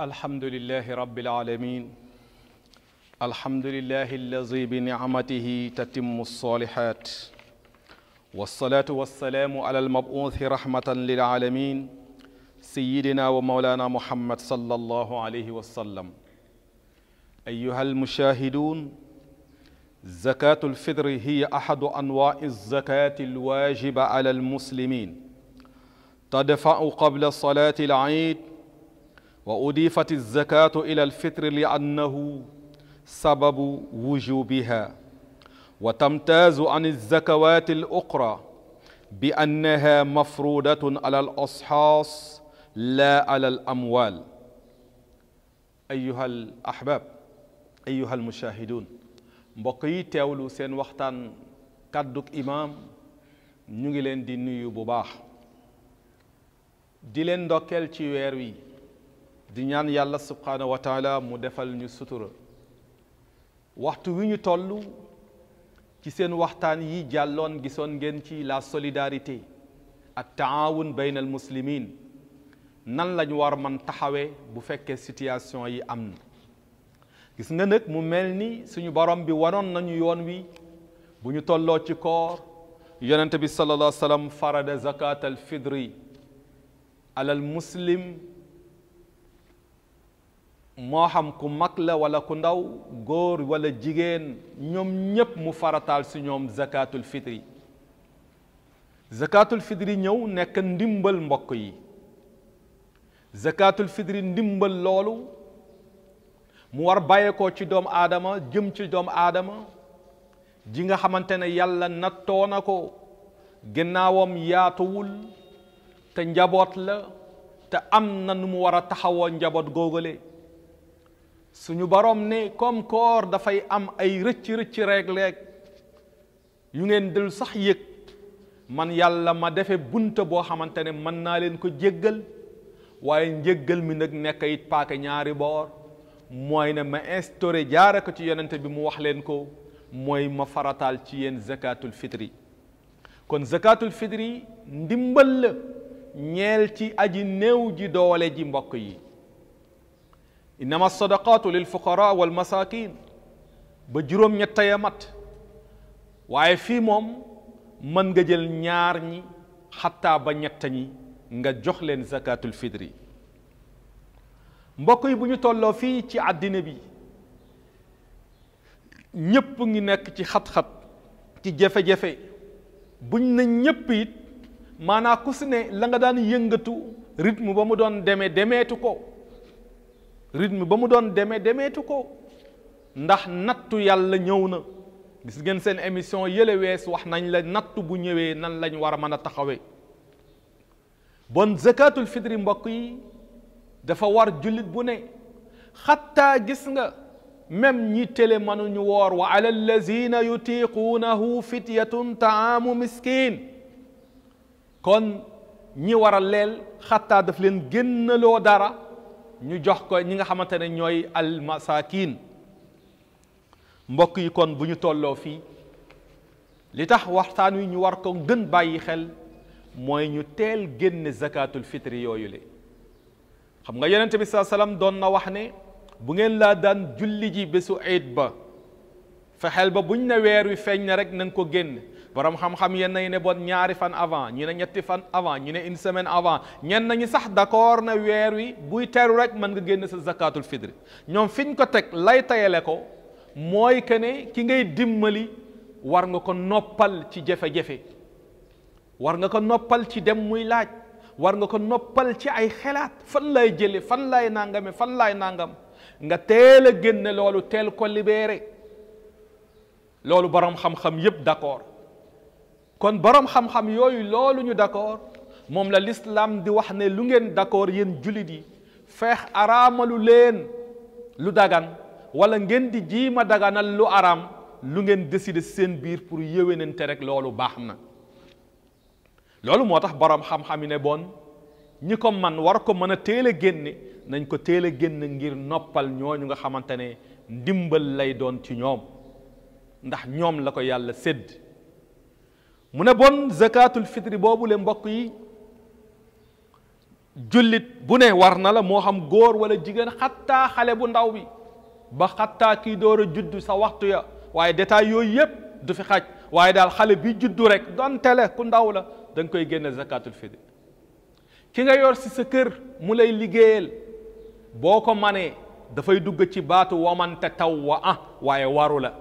الحمد لله رب العالمين الحمد لله الذي بنعمته تتم الصالحات والصلاة والسلام على المبعوث رحمة للعالمين سيدنا ومولانا محمد صلى الله عليه وسلم أيها المشاهدون زكاة الفطر هي أحد أنواع الزكاة الواجبة على المسلمين تدفع قبل صلاة العيد وأضيفت الزكاة إلى الفطر لأنه سبب وجوبها وتمتاز عن الزكوات الأخرى بأنها مفروضة على الأصحاص لا على الأموال أيها الأحباب أيها المشاهدون mbokk yi teewlu seen waxtaan kàdduk imaam ñu ngi leen di nuyu bu baax di leen ndokkeel ci weer wi di ñaan yàlla subhaanahu wa taala mu defal ñu sutura waxtu wi ñu tollu ci seen waxtaan yi jàlloon gisoon ngeen ci la solidarité ak taawun bayn al muslimin nan lañu war man taxawee bu fekkee situation yi am na gis nga nag mu mel ni suñu borom bi waroon nañu yoon wi bu ñu tolloo ci koor yonent bi sallallahu alayhi farada zakat al fidri ala muslim moo xam ku mag la wala ku ndaw góor wala jigéen ñoom ñépp mu farataal si ñoom zakatul fitri zakatul fitri ñëw nekk ndimbal mbokk yi zakatul fitri ndimbal loolu mu war bàyyeekoo ci doomu aadama jëm ci doomu aadama ji nga xamante ne yàlla nattoo na ko ginnaawam yaatuwul te njaboot la te am na nu mu war a taxawoon njaboot googale suñu boroom ne comme koor dafay am ay rëcc-rëcc reeg-reeg yu ngeen dul sax yëg man yàlla ma defe bunta boo xamante ne mën naa leen ko jëggal waaye njéggal mi nag nekk it paake ñaari boor mooy ne ma instauré jaara ko ci yonente bi mu wax leen ko mooy ma faratal ci yéen zakatul fitri kon zakatul fitri ndimbal la ñeel ci aji néew ji doole ji mbokk yi innama sadaqatu lil fuqara wal masakin ba juróom ñett ya mat waaye fii moom mën nga jël ñaar ñi xattaa ba ñett ñi nga jox leen zakatul fitri mbokk yi bu ñu tolloo fii ci àddina bi ñépp ngi nekk ci xat-xat ci jafe-jafe buñ na ñépp it maanaa ku la nga daan yëngatu rythme ba mu doon demee demeetu ko rythme ba mu doon demee demeetu ko ndax nattu yàlla ñëw na gis ngeen seen émission yële wees wax nañ la nattu bu ñëwee nan lañ war a mën a taxawee bon zakatul fitri mbokk yi dafa war julit bu ne xattaa gis nga même ñi télé mënuñu woor wa ala allazina yutiquunahu fityatun taamu miskin kon ñi war a leel xattaa daf leen génnaloo dara ñu jox ko ñi nga xamante ne ñooy almasakin mbokk yi kon bu ñu tolloo fii li tax waxtaan wi ñu war ko gën bàyyi xel mooy ñu teel génn zakatul fitri yooyu le xam nga yonent bi saa salaam doon na wax ne bu ngeen laa daan julli ji bésu eid ba fexeel ba buñ ne weer wi feeñ na rek nañ ko génn borom xam-xam yenn yi ne bon ñaari fan avant ñu ne ñetti fan avant ñu ne une semaine avant ñenn ñi sax d'accord na weer wi buy teru rek mën nga génn sa zakatul fitri ñoom fiñ ko teg lay tayale ko mooy que ne ki ngay dimmali war nga ko noppal ci jafe-jafe war nga ko noppal ci dem muy laaj war nga ko noppal ci ay xelaat fan lay jële fan lay nangame fan lay nangam nga teel a génne loolu teel ko libéré loolu borom xam-xam yépp d'accord kon borom xam-xam yooyu loolu ñu d'accord moom la l'islam di wax ne lu ngeen d'accord yéen jullit yi feex araamalu leen lu dagan wala ngeen di jiima daganal lu araam lu ngeen décider seen biir pour yéwénante rek loolu baaxam na lolu motax borom xam-xam ne bon ñi ko man war ko mën a teel génne nañ ko teel génn ngir noppal ñooñu nga xamantene ndimbal lay doon ci ñoom ndax ñoom la ko yàlla sédd mu ne bon zakatul fitri boobu le mbokk yi jullit bu ne war na la moo xam góor wala jigéen xattaa xale bu ndaw bi ba xattaa kii door a judd sa waxtu ya waaye détail yooyu yépp du fi xaj waaye daal xale bi judd rek donte la ku ndaw la dang koy génne zakatul fidr ki nga yor ci sa kër mu lay liggéeyal boo ko manee dafay dugg ci baatu waman te taw wa ah waaye waru la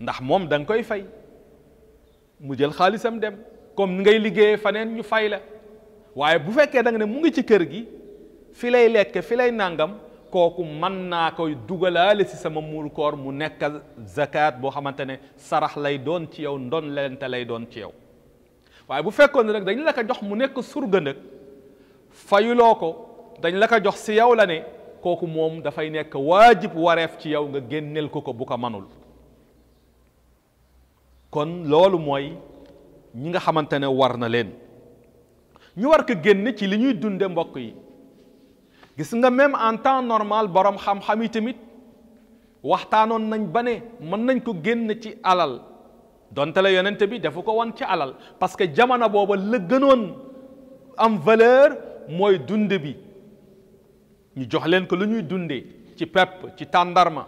ndax moom dang koy fay mu jël xaalisam dem comme ngay liggéeyee faneen ñu fay la waaye bu fekkee da ne mu ngi ci kër gi fi lay lekk fi lay nàngam kooku man naa koy dugalaale si sama muul koor mu nekk zakat boo xamante ne sarax lay doon ci yow ndon lente lay doon ci yow waaye bu fekkoon ne nag dañ la ko jox mu nekk surga nag ko dañ la ko jox si yow la ne kooku moom dafay nekk waajib wareef ci yow nga génneel ko ko bu ko manul kon loolu mooy ñi nga xamante ne war na leen ñu war ko génne ci li ñuy dunde mbokk yi gis nga même en temps normal borom xam-xam yi tamit waxtaanoon nañ ba ne mën nañ ko génn ci alal donte la yonente bi dafa ko wan ci alal parce que jamono booba la gënoon am valeur mooy dunde bi ñu jox leen ko lu ñuy dunde ci pepp ci tàndarma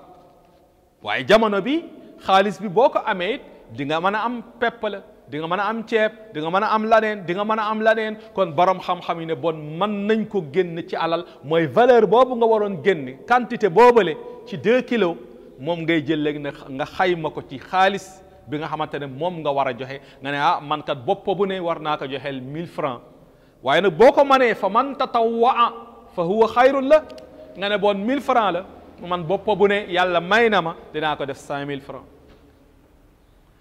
waaye jamono bi xaalis bi boo ko amee di nga mën a am pepp la di nga mën a am ceeb di nga mën a am laneen di nga mën a am laneen kon borom xam-xam yi ne bon mën nañ ko génn ci alal mooy valeur boobu nga waroon génn quantité boobale ci deux kilos moom ngay jël léegi nga xayma ko ci xaalis bi nga xamante ne moom nga war a joxe nga ne ah man kat bopp bu ne war naa ko joxeel 1000 francs waaye nag boo ko manee fa man a fa huwa xayrun la nga ne boon mille francs la man bopp bu ne yàlla may na ma dinaa ko def mille francs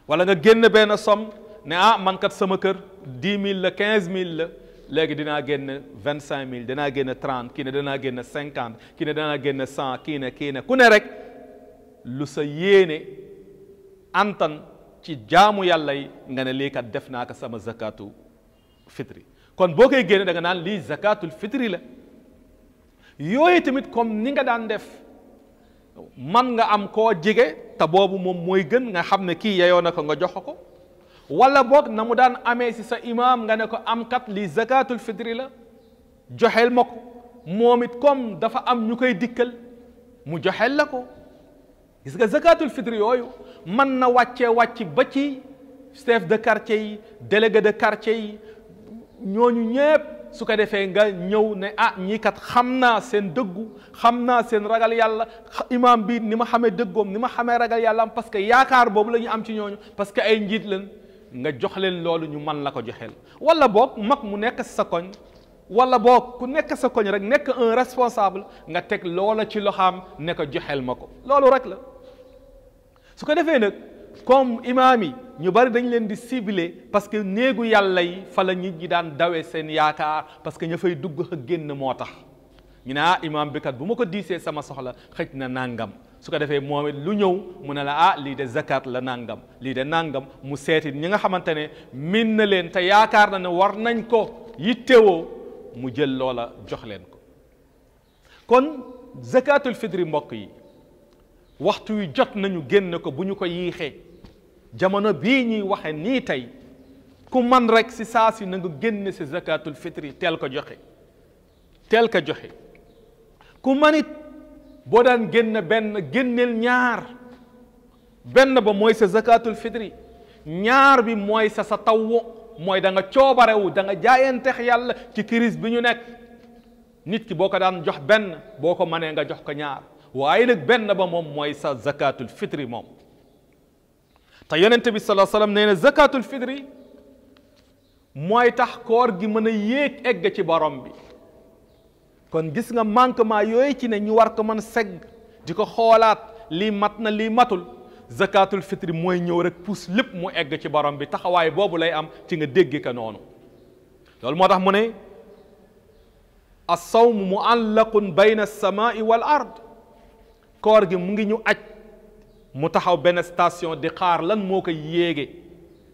wala nga génn benn somme ne ah man kat sama kër 10000 la 15000 la léegi dinaa génn 25000 dinaa génn 30 kii ne génn 50 kii ne génn 100 kii kii ne ku ne rek lu sa yéene antan ci jaamu yàlla nga ne lii kat def naa ko sama zakatu fitri kon boo koy génne da nga naan lii zakatul fitri la yooyu tamit comme ni nga daan def man nga am koo jige te boobu moom mooy gën nga xam ne kii yeyoo na ko nga jox ko wala boog na mu daan amee si sa imaam nga ne ko am kat lii zakatul fitri la joxeel ma ko moom it comme dafa am ñu koy dikkal mu joxeel la ko gis nga zakatul fitr yooyu man na wàccee wàcc ba ci chef de quartier yi délégué de quartier yi ñooñu ñëpp su ko defee nga ñëw ne ah ñii kat xam naa seen dëggu xam naa seen ragal yàlla imam bi ni ma xamee dëggoom ni ma xamee ragal yàlla parce que yaakaar boobu la ñu am ci ñooñu parce que ay njiit lañ nga jox leen loolu ñu man la ko joxeel wala boog mag mu nekk sa koñ wala boog ku nekk sa koñ rek nekk un responsable nga teg loola ci loxaam ne ko joxeel ma ko loolu rek la su ko defee nag comme imaam yi ñu bari dañ leen di ciblé parce que néegu yàlla yi fa la nit ñi daan dawe seen yaakaar parce que ña fay dugg ak génn moo tax ñu ne ah imaam bi kat bu ma ko diisee sama soxla xëj na nangam su ko defee moom it lu ñëw mu ne la ah lii de zakat la nangam lii de nangam mu seeti ñi nga xamante ne min na leen te yaakaar na ne war nañ ko yittewoo mu jël loola jox leen ko kon zakatul fitri mbokk yi waxtu wi jot nañu génn ko bu ñu ko yiixee jamono bii ñuy waxe nii tey ku man rek si saasi na nga génne si zakatul fitri tel ko joxe tel ko joxe ku manit boo daan génn benn génneel ñaar benn ba mooy sa zakatul fitri ñaar bi mooy sa sa taw mooy da nga coobarewu da nga jaayanteex yàlla ci crise bi ñu nekk nit ki boo ko daan jox benn boo ko mënee nga jox ko ñaar وعينك بن نبا موم مويسا زكاة الفطر موم تيان انتبه صلى الله عليه وسلم نين زكاة الفطر موي تحكور جي من ييك اگه چي بارم كون جيس نغا مانك ما يوي چي ني نيوار لي متنا لي متل زكاة الفطر موي نيو مو اگه چي بارم بي ام چي نغا دگه كنونو لول موتح موني الصوم معلق بين السماء والأرض koor gi mu ngi ñu aj mu taxaw benn station di xaar lan moo ko yéege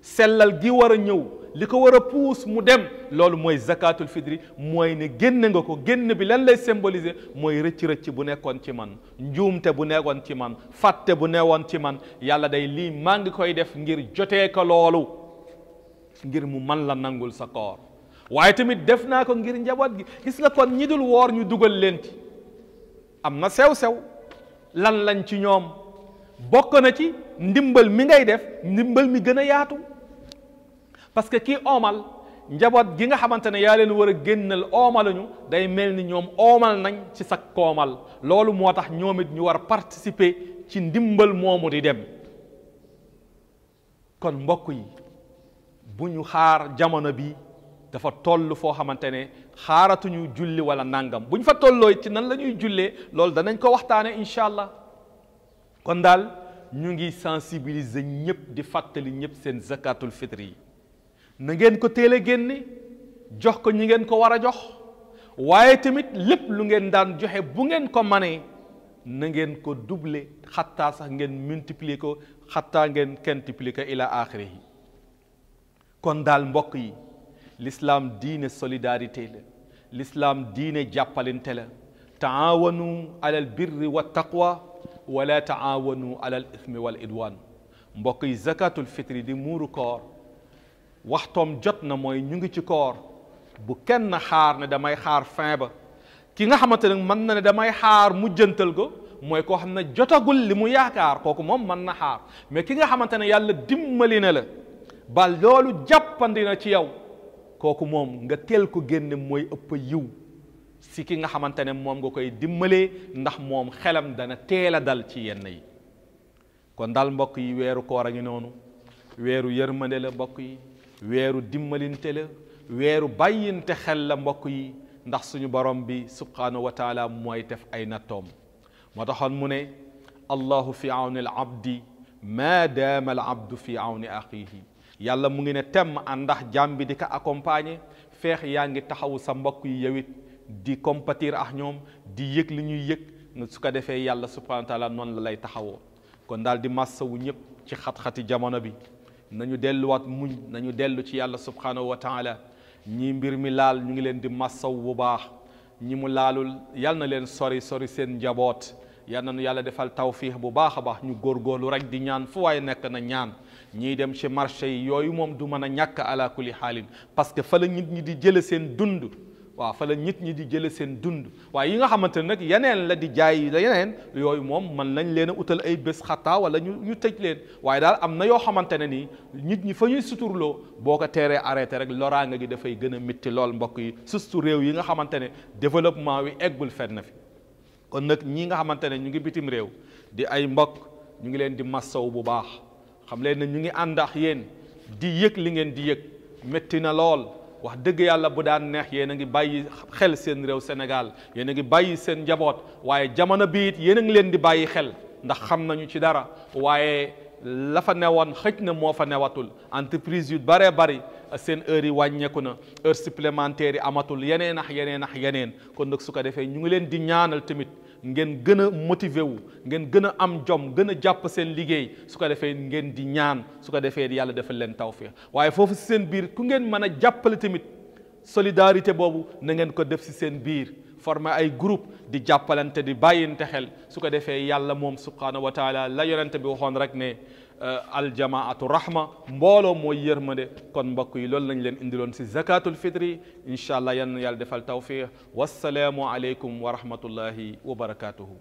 sellal gi war a ñëw li ko war a puus mu dem loolu mooy zakatul fitri mooy ne génn nga ko génn bi lan lay symboliser mooy rëcc-rëcc bu nekkoon ci man njuumte bu nekkoon ci man fàtte bu newoon ci man yàlla day lii maa ngi koy def ngir jotee ko loolu ngir mu man la nangul sa koor waaye tamit def naa ko ngir njaboot gi gis nga kon ñi woor ñu dugal leen ci am na sew-sew lan lañ ci ñoom bokk na ci ndimbal mi ngay def ndimbal mi gën a yaatu parce que kii omal njaboot gi nga xamante ne yaa leen war a génnal oomaluñu day mel ni ñoom oomal nañ ci sa koomal loolu moo tax ñoom it ñu war participer ci ndimbal moomu di dem kon mbokk yi bu ñu xaar jamono bi dafa toll foo xamante ne xaaratuñu julli wala nangam buñ fa tolloo ci nan la ñuy jullee loolu danañ ko waxtaane incha allah kon daal ñu ngi sensibiliser ñëpp di fàttali ñëpp seen zakatul fitri yi na ngeen ko teel a génne jox ko ñi ngeen ko war a jox waaye tamit lépp lu ngeen daan joxe bu ngeen ko manee na ngeen ko duble xattaa sax ngeen multiplier ko xattaa ngeen quintuplier ko ila kon daal mbokk yi l'islam diine solidarité la l'islam diine jàppalante la taawanu alal birri wa taqwa wala taawanu alal ismi wal idwan mbokk yi zakatul fitri di muuru koor waxtoom jot na mooy ñu ngi ci koor bu kenn xaar ne damay xaar fin ba ki nga xamante ne mën na ne damay xaar mujjantal ko mooy koo xam ne jotagul li mu yaakaar kooku moom na xaar mais ki nga xamante yàlla dimbali la ba loolu jàppandi ci yow koku mom nga tel ko genn moy ëpp yiw si ki nga xamantene mom nga koy dimbalé ndax mom xelam dana téla dal ci yenn yi kon dal mbokk yi wéru koor a ngi noonu weeru yërmande la mbokk yi wéru dimbalinte la wéru bayinté xel la mbokk yi ndax suñu borom bi subhanahu wa taala moy def ay natom moo mu ne fi auni al abdi ma daama al abdu fi awni yàlla mu ngi ne temm a ndax jaam bi di ko accompagner feex yaa ngi taxawu sa mbokk yi yow it di compatir ak ñoom di yëg li ñuy yëg su ko defee yàlla subhanahu wa taala noonu la lay taxawoo kon daal di massawu ñëpp ci xat-xati jamono bi nañu delluwaat muñ nañu dellu ci yàlla subhanahu wa ñii mbir mi laal ñu ngi leen di massaw bu baax ñi mu laalul yal na leen sori sori seen njaboot yal na nu yàlla defal tawfiix bu baax a baax ñu góorgóorlu rek di ñaan fu waay nekk na ñaan ñiy dem ci marché yi yooyu moom du mën a ñàkk ala kulli xaalin parce que fa la nit ñi di jële seen dund waaw fa la nit ñi di jële seen dund waaye yi nga xamante ne nag yeneen la di jaay la yeneen yooyu moom mën nañ leen a utal ay bés xataa wala ñu ñu tëj leen waaye daal am na yoo xamante ne nii nit ñi fa ñuy suturloo boo ko teeree arrêté rek loraanga gi dafay gën a métti lool mbokk yi surtout réew yi nga xamante ne développement wi eggul fenn fi kon nag ñi nga xamante ne ñu ngi bitim réew di ay mbokk ñu ngi leen di massaw bu baax xam leen ne ñu ngi ànd ak yéen di yëg li ngeen di yëg métti na lool wax dëgg yàlla bu daan neex yéen a ngi bàyyi xel seen réew Sénégal yéen a ngi bàyyi seen njaboot waaye jamono bi it yéen a ngi leen di bàyyi xel ndax xam nañu ci dara waaye lafa fa newoon xëj na moo fa newatul entreprise yu baree bari seen heure yi wàññeeku na heure supplémentaire yi amatul yeneen ax yeneen ax yeneen kon nag su ko defee ñu ngi leen di ñaanal tamit ngeen gën a motiver wu ngeen gën a am jom gën a jàpp seen liggéey su ko defee ngeen di ñaan su ko defee yàlla defal leen tawféex waaye foofu si seen biir ku ngeen mën a jàppale tamit solidarité boobu na ngeen ko def si seen biir former ay groupe di jàppalante di bàyyinte xel su ko defee yàlla moom subhaanahu wa la yonente bi waxoon rek ne aljamaatu rahma mbooloo mooy yërmande kon mbokk yi loolu lañ leen indiloon si zakatul fitri incha allah yan yàlla defal tawfiq wassalaamu aleykum wa rahmatullahi wa barakatuhu